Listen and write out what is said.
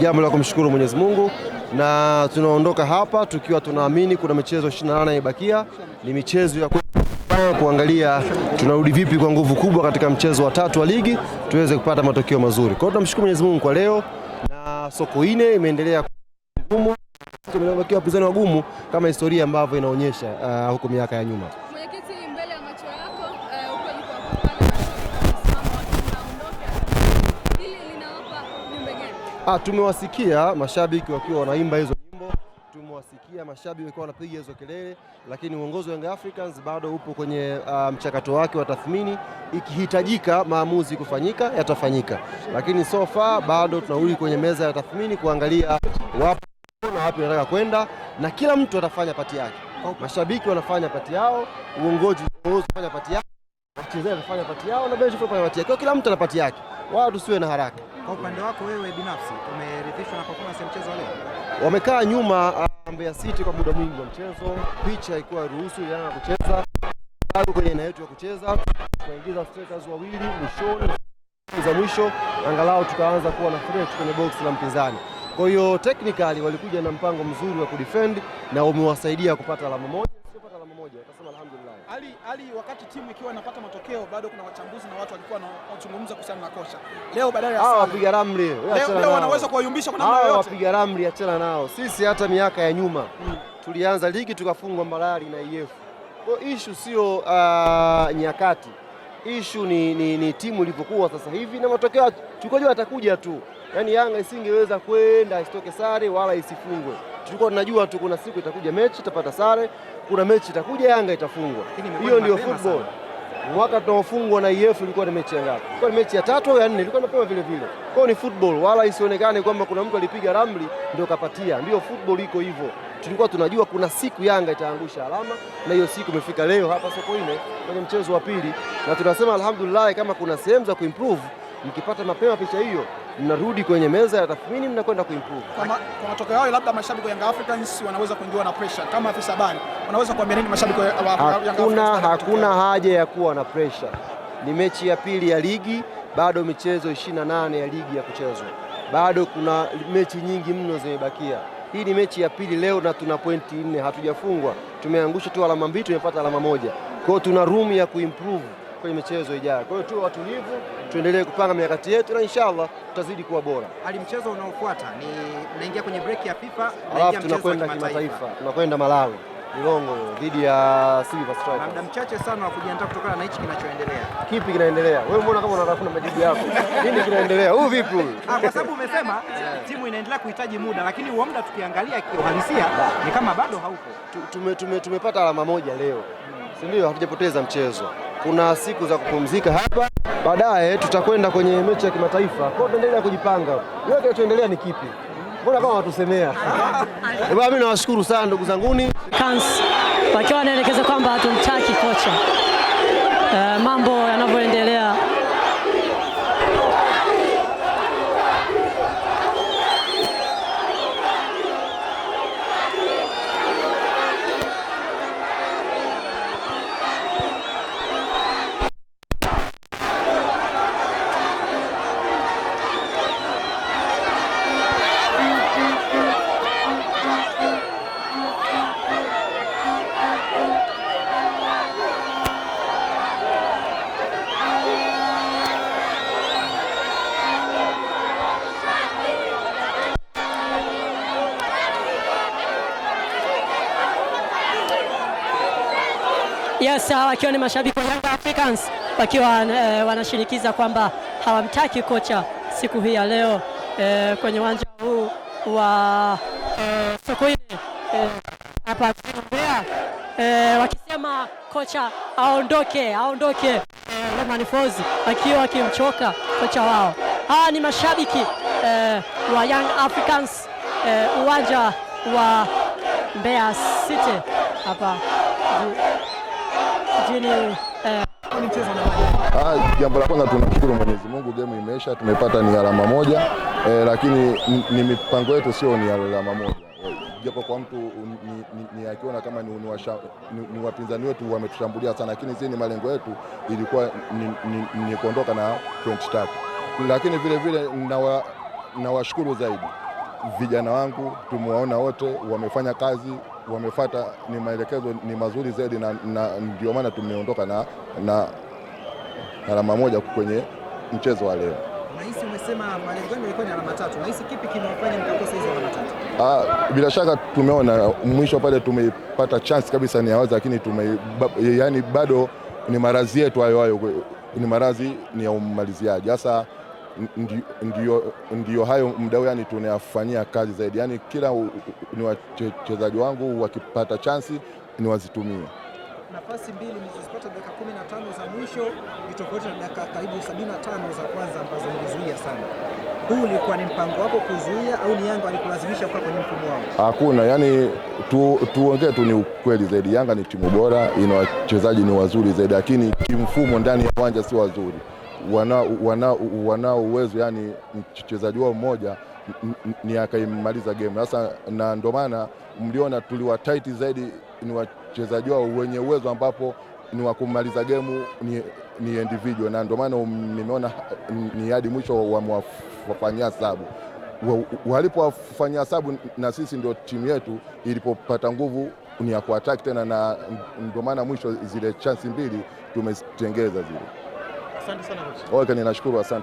jambo la kumshukuru Mwenyezi Mungu, na tunaondoka hapa tukiwa tunaamini kuna michezo 28 imebakia, ni michezo ya kuangalia tunarudi vipi kwa nguvu kubwa katika mchezo wa tatu wa ligi tuweze kupata matokeo mazuri. Kwa hiyo tunamshukuru Mwenyezi Mungu kwa leo, na Sokoine imeendelea ngumu, tumebakia wapinzani wagumu kama historia ambavyo inaonyesha uh, huko miaka ya nyuma. Ah, tumewasikia mashabiki wakiwa wanaimba hizo nyimbo, tumewasikia mashabiki wakiwa wanapiga hizo kelele, lakini uongozi wa Young Africans bado upo kwenye ah, mchakato wake wa tathmini. Ikihitajika maamuzi kufanyika yatafanyika, lakini so far bado tunarudi kwenye meza ya tathmini kuangalia wapi na wapi wanataka kwenda, na kila mtu atafanya pati yake. Mashabiki wanafanya pati yao, uongozi wanafanya pati yao, wachezaji wanafanya pati yao, na benchi wanafanya pati yake, kwa kila mtu ana pati yake, wala tusiwe na haraka. Kwa upande wako wewe binafsi umeridhishwa na performance ya mchezo leo? Wamekaa nyuma Mbeya ah, City kwa muda mwingi wa mchezo, picha haikuwa ruhusu Yanga kucheza bado kwenye eneo yetu ya kucheza, tukaingiza strikers wawili mwishoni za mwisho, angalau tukaanza kuwa na threat kwenye box la mpinzani. Kwa hiyo technically walikuja na mpango mzuri wa kudefend na umewasaidia kupata alama moja, sio kupata alama moja, utasema alhamdulillah ali, ali wakati timu ikiwa inapata matokeo bado kuna wachambuzi na watu walikuwa wanazungumza kuhusiana na kocha. Leo badala ya wapiga ramli leo wanaweza kuwayumbisha kwa namna yoyote. Wapiga ramli achana nao. Sisi hata miaka ya nyuma hmm, tulianza ligi tukafungwa Mbalali na IF. Kwa issue sio uh, nyakati issue ni, ni, ni timu ilivyokuwa sasa hivi na matokeo tukajua atakuja tu, yaani Yanga isingeweza kwenda isitoke sare wala isifungwe tulikuwa tunajua tu kuna siku itakuja mechi itapata sare, kuna mechi itakuja Yanga itafungwa. Hiyo ndio football. Mwaka tunaofungwa na IF e ilikuwa ni mechi ya ngapi? Ilikuwa ni mechi ya tatu au ya nne, ilikuwa mapema vile vile. Kwao ni football, wala isionekane kwamba kuna mtu alipiga ramli ndio kapatia. Ndiyo football iko hivyo. Tulikuwa tunajua kuna siku Yanga itaangusha alama, na hiyo siku imefika leo hapa Sokoine kwenye mchezo wa pili, na tunasema alhamdulillah, kama kuna sehemu za kuimprove, mkipata mapema picha hiyo mnarudi kwenye meza ya tathmini, mnakwenda kuimprove. Kwa ma, kwa matokeo hayo, labda mashabiki wa Young Africans wanaweza kuingiwa na pressure kama afisa habari, wanaweza kuambia nini mashabiki wa Young Africans? Hakuna haja ya kuwa na pressure, ni mechi ya pili ya ligi, bado michezo 28 ya ligi ya kuchezwa, bado kuna mechi nyingi mno zimebakia. Hii ni mechi ya pili leo na tuna pointi nne, hatujafungwa, tumeangusha tu alama mbili, tumepata alama moja, kwa hiyo tuna room ya kuimprove kwenye michezo ijayo. Kwa hiyo tu watulivu, tuendelee kupanga mikakati yetu na inshallah tutazidi kuwa bora. Hadi mchezo unaofuata ni unaingia kwenye break ya FIFA, alafu tunakwenda kimataifa, tunakwenda Malawi Milongo dhidi ya Silver Strikers. Muda mchache sana wa kujiandaa kutokana na hichi kinachoendelea. Kipi kinaendelea? Wewe umeona kama unatafuna majibu yako. Nini kinaendelea? Huu vipi huyu? Ah, kwa sababu umesema timu inaendelea kuhitaji muda, lakini huo muda tukiangalia kiuhalisia ni kama bado haupo. Tumepata alama moja leo, si ndio? Hatujapoteza mchezo kuna siku za kupumzika hapa, baadaye tutakwenda kwenye mechi ya kimataifa. Kwa tunaendelea kujipanga, wewe kinachoendelea ni kipi? Mbona kama watusemea bwana. Mimi nawashukuru sana ndugu zanguni, wakiwa wanaelekeza kwamba hatumtaki kocha uh, mambo Yes, wakiwa ni mashabiki wa Young Africans wakiwa eh, wanashinikiza kwamba hawamtaki kocha siku hii ya leo eh, kwenye uwanja huu wa e, Sokoine eh, hapa eh, Mbeya eh, wakisema kocha aondoke, aondoke eh, Lemani Fozi akiwa wakimchoka kocha wao. Hawa ni mashabiki eh, wa Young Africans eh, uwanja wa Mbeya City hapa eh, ah, jambo la kwanza tunashukuru Mwenyezi Mungu, game imeisha, tumepata ni alama moja eh, lakini ni mipango yetu sio ni alama moja eh, japo kwa mtu ni, ni, ni akiona kama ni, ni, ni wapinzani wetu wametushambulia sana, lakini sisi ni malengo yetu ilikuwa ni, ni, ni kuondoka na point tatu, lakini vile vile nawashukuru na zaidi vijana wangu, tumewaona wote wamefanya kazi wamefata ni maelekezo ni mazuri zaidi, na, na ndio maana tumeondoka na na alama moja kwenye mchezo wa leo. Nahisi umesema malengo yenu yalikuwa ni alama tatu. Nahisi kipi kimewafanya mkakosa hizo alama tatu? Ah, bila shaka tumeona mwisho pale tumepata chance kabisa ni awazi, lakini tume yani bado ni maradhi yetu hayo hayo, ni maradhi ni ya umaliziaji hasa ndio, ndio, hayo mdau, yani tunayafanyia kazi zaidi, yani kila ni wachezaji wangu wakipata chansi ni wazitumie nafasi mbili mlizozipata dakika 15 za mwisho ni tofauti na dakika karibu 75 za kwanza ambazo mlizuia sana. Huu ulikuwa ni mpango wako kuzuia au ni Yanga alikulazimisha kwa kwenye mfumo wao? Hakuna, yani tuongee tu, tu ni ukweli zaidi. Yanga ni timu bora, ina wachezaji ni wazuri zaidi, lakini kimfumo ndani ya uwanja si wazuri wanao uwezo yani mchezaji wao mmoja ni akaimaliza game. Sasa na ndio maana mliona tuliwa tight zaidi, ni wachezaji wao wenye uwezo ambapo ni wa kumaliza gemu ni, ni individual na ndio maana um, nimeona ni hadi mwisho wamewafanyia sabu walipowafanyia sabu, na sisi ndio timu yetu ilipopata nguvu ni ya kuattack tena, na ndio maana mwisho zile chansi mbili tumezitengeza zile. Asante sana kocha. Okay, ninashukuru asante.